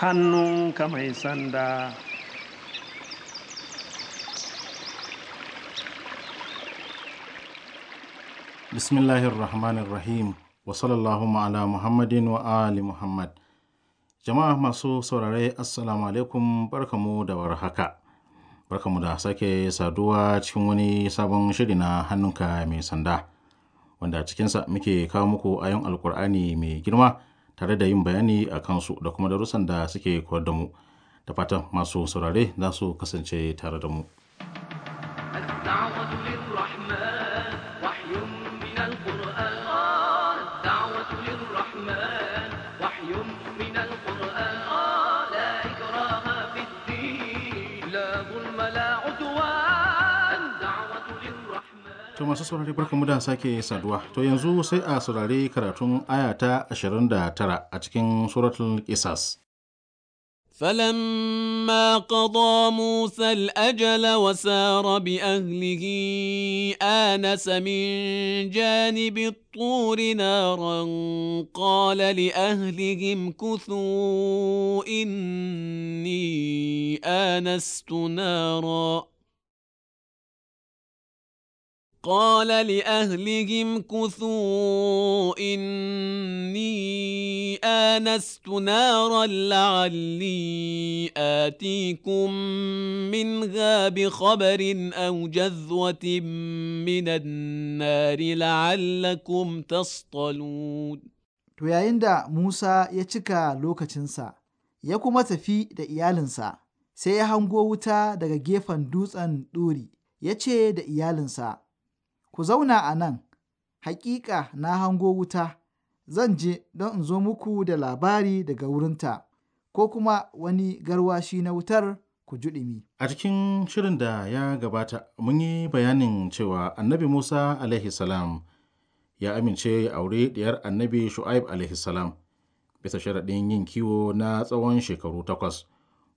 hannunka mai sanda bismillahir rahmanir rahim wa sallallahu ala muhammadin wa ali muhammad jama'a masu saurare assalamu alaikum barkamu da warhaka barkamu da sake saduwa cikin wani sabon shiri na hannunka mai sanda wanda cikinsa muke kawo muku ayon alkur'ani mai girma tare da yin bayani a kansu da kuma darussan da suke koyar da mu da fatan masu saurare za su kasance tare da mu masu saurari barkamu da sake saduwa. To yanzu sai a saurari karatun aya ta 29 a cikin suratul Qisas. فلما قضى موسى الأجل وسار بأهله آنس من جانب الطور نارا قال لأهلهم كثوا إني آنست ناراً قال لأهلهم كثوا إني آنست نارا لعلي آتيكم منها بخبر أو جذوة من النار لعلكم تصطلون To yayin da Musa ya cika lokacinsa, ya kuma tafi da iyalinsa, sai ya hango wuta daga gefen dutsen ɗuri, ya ce da iyalinsa, ku zauna a nan, haƙiƙa na hango wuta, zan je don in zo muku da labari daga wurinta, ko kuma wani garwashi na wutar ku ji A cikin shirin da ya gabata, mun yi bayanin cewa annabi Musa a.s. ya amince ya aure ɗiyar annabi Shu'aib a.s. bisa sharaɗin yin kiwo na tsawon shekaru takwas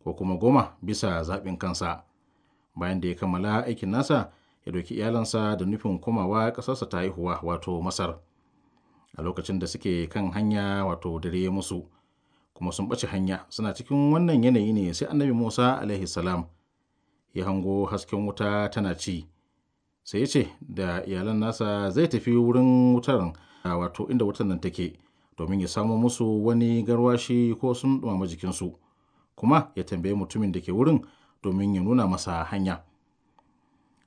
ko kuma goma bisa zaɓin kansa. Bayan da ya kammala aikin nasa, ya doki iyalansa da nufin komawa ƙasarsa ta haihuwa wato masar a lokacin da suke kan hanya wato dare musu kuma sun ɓace hanya suna cikin wannan yanayi ne sai annabi musa alaihi salam ya hango hasken wuta tana ci sai ya ce da iyalan nasa zai tafi wurin wutar wato inda wutar nan take domin ya samo musu wani garwashi ko sun ɗumama jikinsu kuma ya tambaye mutumin da ke wurin domin ya nuna masa hanya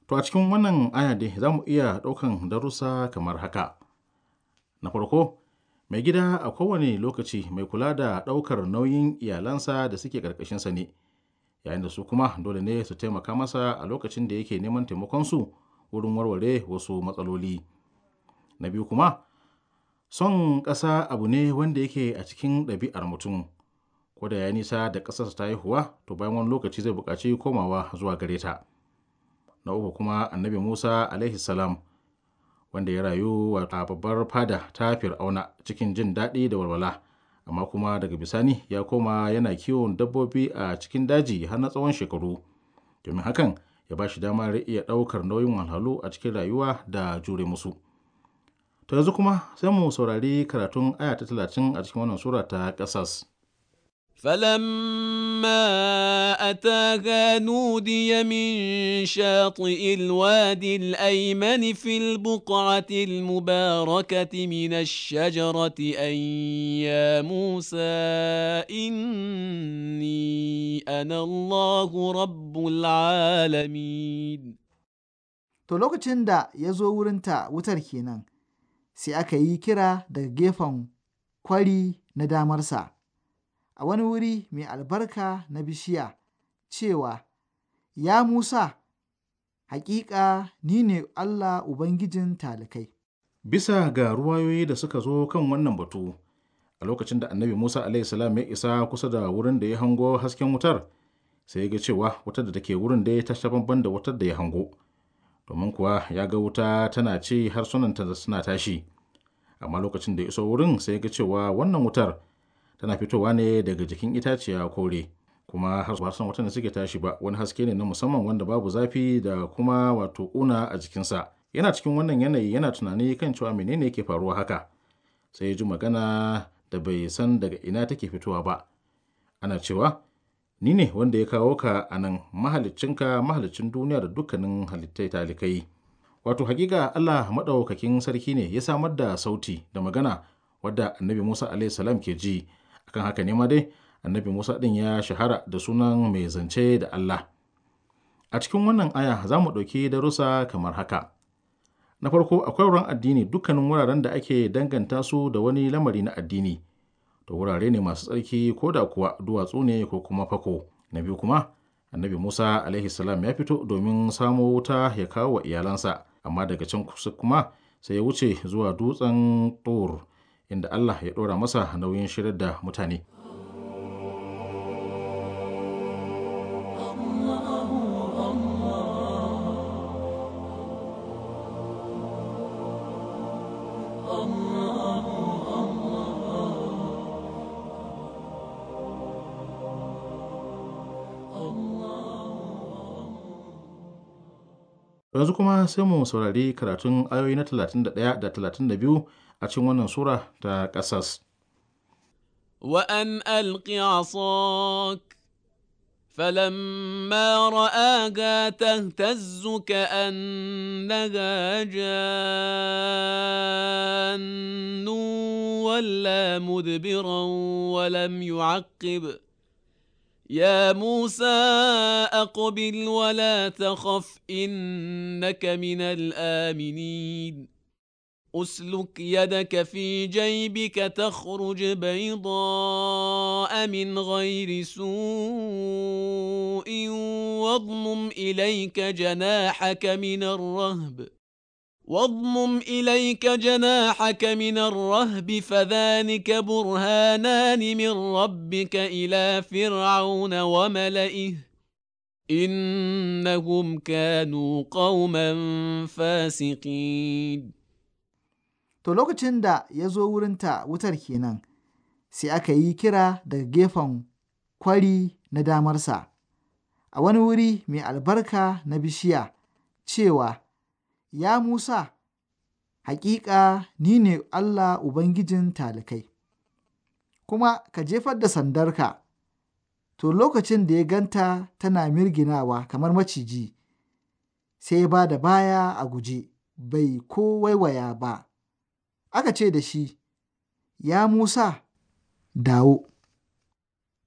To a cikin wannan aya dai za mu iya ɗaukan darussa kamar haka. Na farko, mai gida a kowane lokaci mai kula da ɗaukar nauyin iyalansa da suke ƙarƙashinsa ne, yayin da su kuma dole ne su taimaka masa a lokacin da yake neman taimakonsu wurin warware wasu matsaloli. Na biyu kuma, son ƙasa abu ne wanda yake a cikin ɗabi'ar mutum, ko da ya nisa da ƙasarsa ta haihuwa, to bayan wani lokaci zai buƙaci komawa zuwa gare ta. na uku kuma annabi musa alaihi salam wanda ya rayu a babbar fada ta fir'auna cikin jin daɗi da walwala amma kuma daga bisani ya koma yana kiwon dabbobi a cikin daji har na tsawon shekaru domin hakan ya ba shi damar iya ɗaukar nauyin walhalu a cikin rayuwa da jure musu to yanzu kuma sai mu saurari karatun aya ta talatin a cikin wannan sura ta ƙasas فلما أتاها نودي من شاطئ الوادي الأيمن في البقعة المباركة من الشجرة أن يا موسى إني أنا الله رب العالمين To lokacin da ya zo wurinta wutar kenan, sai aka yi kira daga gefen kwari na damarsa. a wani wuri mai albarka na bishiya cewa, Ya Musa, hakika ni ne Allah Ubangijin talikai. Bisa ga ruwayoyi da suka zo kan wannan batu, a lokacin da annabi Musa salam ya isa kusa da wurin da ya hango hasken wutar, sai ya ga cewa wutar da take wurin da ya sha bamban da wutar da ya hango. Domin kuwa ya ga wuta tana ce har sunanta suna tashi. Amma lokacin da ya iso wurin sai ya ga cewa wannan wutar tana fitowa ne daga jikin itaciya kore kuma har ba san wata da suke tashi ba wani haske ne na musamman wanda babu zafi da kuma wato una a jikinsa yana cikin wannan yanayi yana tunani kan cewa menene ke faruwa haka sai ya ji magana da bai san daga ina take fitowa ba ana cewa ni ne wanda ya kawo ka a nan mahaliccinka mahaliccin duniya da dukkanin halittai talikai wato hakika allah maɗaukakin sarki ne ya samar da sauti da magana wadda annabi musa alaihi ke ji akan haka ne ma dai annabi musa ɗin ya shahara da sunan mai zance da allah a cikin wannan aya za mu ɗauki darussa kamar haka na farko akwai wurin addini dukkanin wuraren da ake danganta su da wani lamari na addini to wurare ne masu tsarki ko da kuwa duwatsu ne ko kuma fako na biyu kuma annabi musa alaihi salam ya fito domin samo wuta ya kawo wa iyalansa amma daga can kusa kuma sai ya wuce zuwa dutsen tur inda Allah ya ɗora masa nauyin shirar da mutane. yanzu kuma sai mu saurari karatun ayoyi na 31 da 32 a cikin wannan sura ta ƙasas. وأن ألق عصاك فلما رآها تهتز كأنها جان ولا مدبرا ولم يعقب يا موسى أقبل ولا تخف إنك من الآمنين اسلك يدك في جيبك تخرج بيضاء من غير سوء واضمم اليك جناحك من الرهب واضمم اليك جناحك من الرهب فذلك برهانان من ربك الى فرعون وملئه انهم كانوا قوما فاسقين To lokacin da ya zo wurinta wutar kenan, sai aka yi kira daga gefen kwari na damarsa, a wani wuri mai albarka na bishiya, cewa, Ya Musa, hakika ni ne Allah Ubangijin talikai, kuma ka jefar da sandarka. To lokacin da ya ganta tana mirginawa kamar maciji, sai ba da baya a guje, bai ko waiwaya ba. aka ce da shi, Ya Musa, dawo,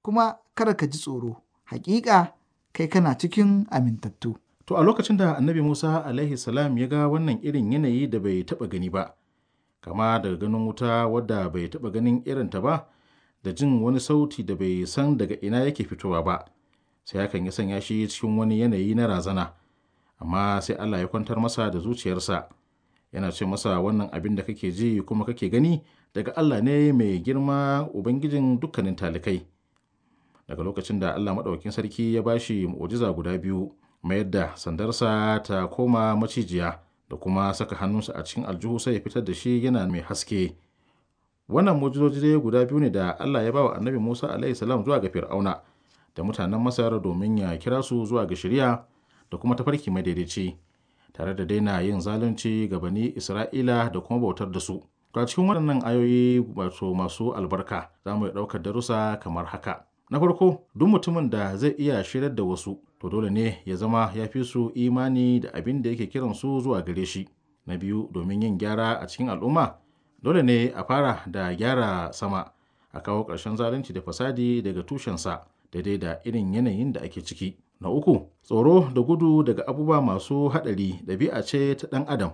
kuma kada ka ji tsoro, hakika kai kana cikin amintattu. To a lokacin da annabi Musa alaihi salam ya ga wannan irin yanayi da bai taɓa gani ba, kama daga ganin wuta wadda bai taɓa ganin irin ta ba, da jin wani sauti da bai san daga ina yake fitowa ba, sai hakan ya sanya shi cikin wani yanayi na razana, amma sai Allah ya kwantar masa da zuciyarsa. yana ce masa wannan abin da kake ji kuma kake gani daga Allah ne mai girma ubangijin dukkanin talikai daga lokacin da Allah maɗaukin sarki ya bashi mu'ujiza guda biyu mayar da sandarsa ta koma macijiya da kuma saka hannunsa a cikin aljihu sai ya fitar da shi yana mai haske wannan mu'ujizoji dai guda biyu ne da Allah ya bawa annabi Musa alaihi salam zuwa ga Fir'auna da mutanen Masar domin ya kira su zuwa ga shari'a da kuma tafarki madaidaici tare da daina yin zalunci ga bani isra'ila da kuma bautar da su a cikin waɗannan ayoyi wato masu albarka za mu ɗaukar darussa kamar haka na farko duk mutumin da zai iya shirar da wasu to dole ne ya zama ya fi su imani da abin da yake kiran su zuwa gare shi na biyu domin yin gyara a cikin al'umma dole ne a fara da gyara sama a kawo ƙarshen zalunci da fasadi daga tushensa daidai da irin yanayin da ake ciki Na uku, tsoro da gudu daga abubuwa masu haɗari ɗabi'a ce ta ɗan adam.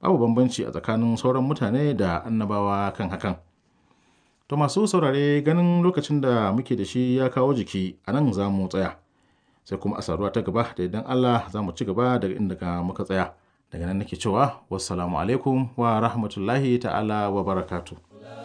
Babu bambanci a tsakanin sauran mutane da annabawa kan hakan. To masu saurare ganin lokacin da muke da shi ya kawo jiki a nan za mu tsaya. Sai kuma a saduwa ta gaba da idan Allah za mu ci gaba daga inda muka tsaya. Daga nan nake cewa, wassalamu alaikum wa rahmatullahi ta'ala wa barakatu.